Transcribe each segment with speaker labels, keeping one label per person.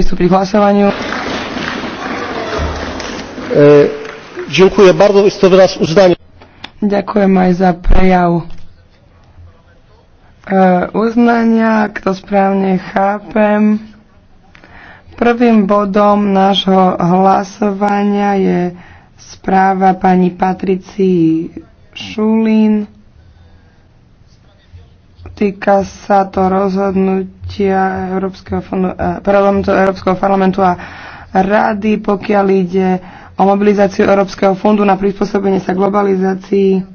Speaker 1: pristúpiť k hlasovaniu. E, ďakujem bardzo, isto to wyraz uznania. Ďakujem aj za prejav e, uznania, ak to správne chápem. Prvým bodom nášho hlasovania je správa pani Patricii Šulín. Týka sa to rozhodnúť stretnutia Európskeho fondu, eh, parlamentu, Európskeho parlamentu a rady, pokiaľ ide o mobilizáciu Európskeho fondu na prispôsobenie sa globalizácii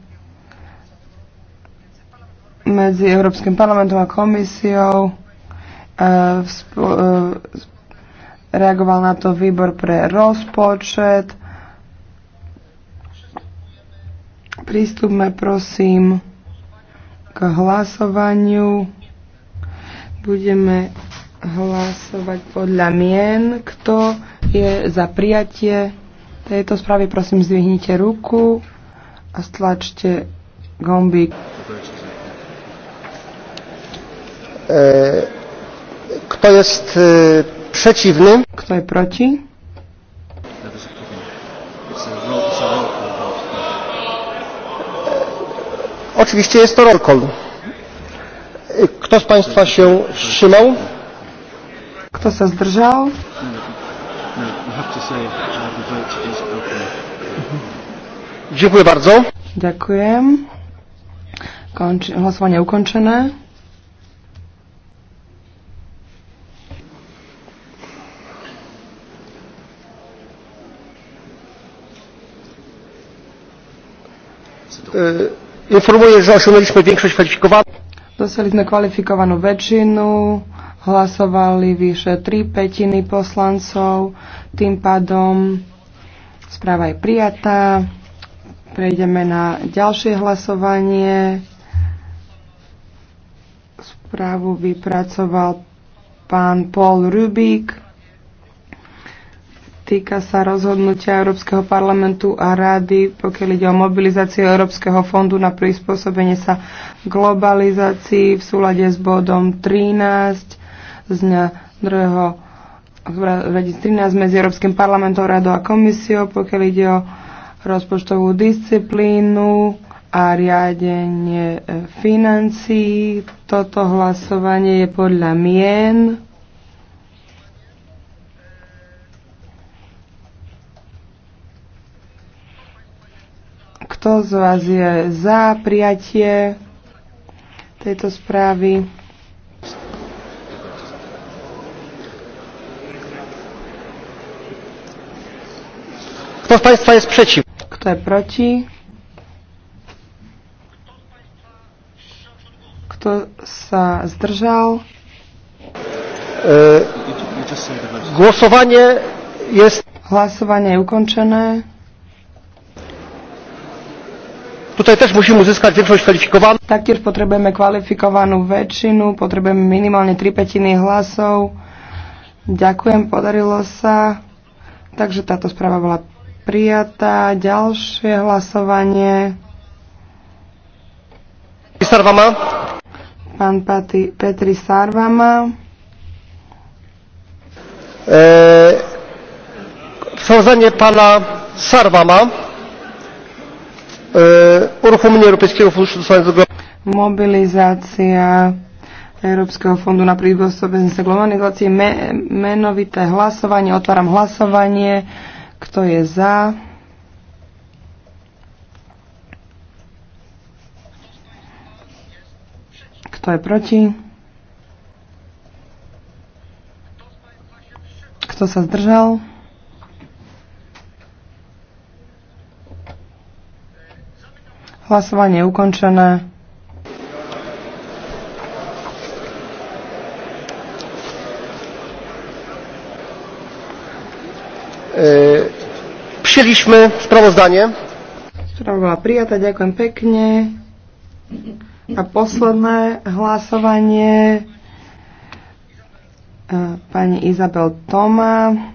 Speaker 1: medzi Európskym parlamentom a komisiou. Eh, eh, reagoval na to výbor pre rozpočet. Prístupme prosím k hlasovaniu. Budeme hlasovať podľa mien. Kto je za prijatie tejto správy, prosím, zdvihnite ruku a stlačte gombík. E, kto jest e, przeciwny? Kto je proti? E, oczywiście jest to roll call. Kto z Państwa się wstrzymał? Kto się zdrżał? Dziękuję bardzo. Dziękuję. głosowanie ukończone. E, informuję, że osiągnęliśmy większość kwalifikowaną. Dostali sme kvalifikovanú väčšinu, hlasovali vyše tri petiny poslancov, tým pádom správa je prijatá. Prejdeme na ďalšie hlasovanie. Správu vypracoval pán Paul Rubik. Týka sa rozhodnutia Európskeho parlamentu a rády, pokiaľ ide o mobilizáciu Európskeho fondu na prispôsobenie sa globalizácii v súlade s bodom 13 z dňa 2. 2013 medzi Európskym parlamentom, radou a komisiou, pokiaľ ide o rozpočtovú disciplínu a riadenie financií. Toto hlasovanie je podľa mien. Kto z vás je za prijatie tejto správy? Kto z Państwa jest przeciw? Kto je proti? Kto sa zdržal? E, głosowanie jest... Hlasovanie je ukončené. Tutaj też musimy uzyskać większość kwalifikowaną. Tak też potrzebujemy kwalifikowaną większość, potrzebujemy minimalnie 3 petiny głosów. Dziękuję, podarilo się. Także ta sprawa była przyjęta. Dalsze głosowanie. Sarvama. Pan Pati, Petri Sarvama. Eee, wsadzenie pana Sarvama Eh, uruchomenie Európskeho fondu Mobilizácia Európskeho fondu na prispôsobenie sa globálnej globalizácii. Me, menovité hlasovanie. Otváram hlasovanie. Kto je za? Kto je proti? Kto sa zdržal? Hlasovanie je ukončené. E, sme sprawozdanie. Správa bola prijatá, ďakujem pekne. A posledné hlasovanie e, pani Izabel Toma.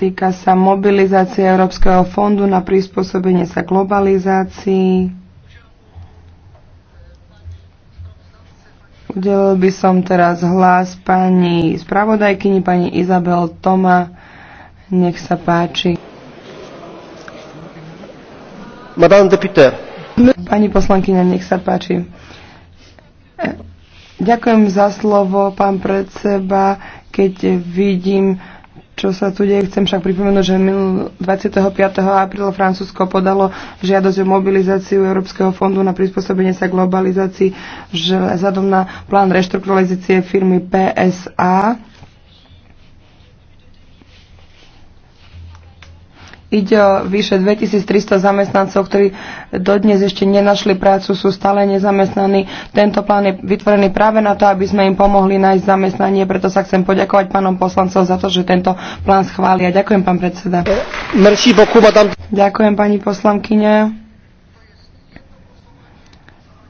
Speaker 1: Týka sa mobilizácie Európskeho fondu na prispôsobenie sa globalizácii. Udelil by som teraz hlas pani spravodajkyni, pani Izabel Toma. Nech sa páči. Madame Pani poslankyňa, nech sa páči. Ďakujem za slovo, pán predseba. Keď vidím čo sa tu deje. Chcem však pripomenúť, že 25. apríla Francúzsko podalo žiadosť o mobilizáciu Európskeho fondu na prispôsobenie sa globalizácii vzhľadom na plán reštrukturalizácie firmy PSA Ide o vyše 2300 zamestnancov, ktorí dodnes ešte nenašli prácu, sú stále nezamestnaní. Tento plán je vytvorený práve na to, aby sme im pomohli nájsť zamestnanie, preto sa chcem poďakovať pánom poslancov za to, že tento plán schvália. Ďakujem, pán predseda. Merci beaucoup, madame. Ďakujem, pani poslankyne.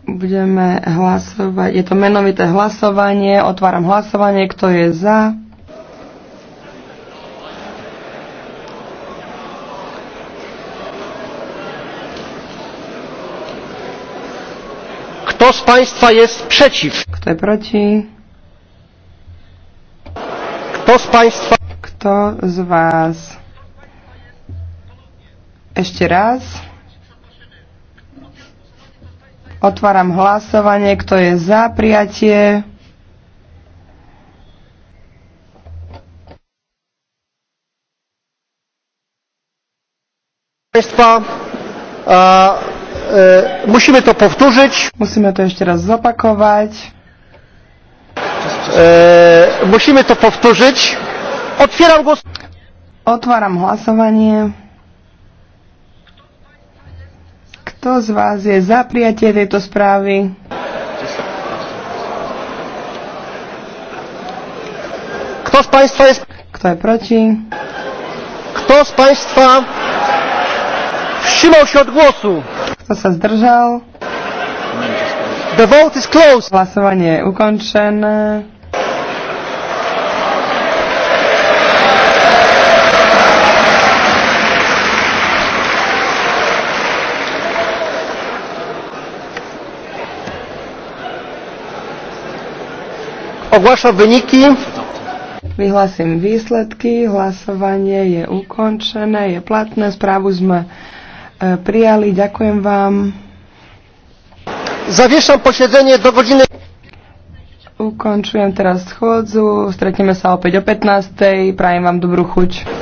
Speaker 1: Budeme hlasovať. Je to menovité hlasovanie. Otváram hlasovanie. Kto je za? z Państwa jest przeciw? Kto jest przeciw? Kto z Państwa... Kto z Was... Jeszcze raz. Otváram hlasovanie. Kto je za prijatie? Państwa, uh... E, to powtórzyć. Musimy to jeszcze raz zopakować. E, musimy to powtórzyć. Otwieram głos. Otwieram głosowanie. Kto z was jest za tej to sprawy? Kto z Państwa jest... Kto je proci? Kto z Państwa wstrzymał się od głosu? Kto sa zdržal? The vote is closed. Hlasovanie je ukončené. Ogłaszam wyniki. Vyhlasím výsledky, hlasovanie je ukončené, je platné, správu sme E, prijali. Ďakujem vám. Zaviešam posiedzenie do godziny. Ukončujem teraz schôdzu. Stretneme sa opäť o 15. Prajem vám dobrú chuť.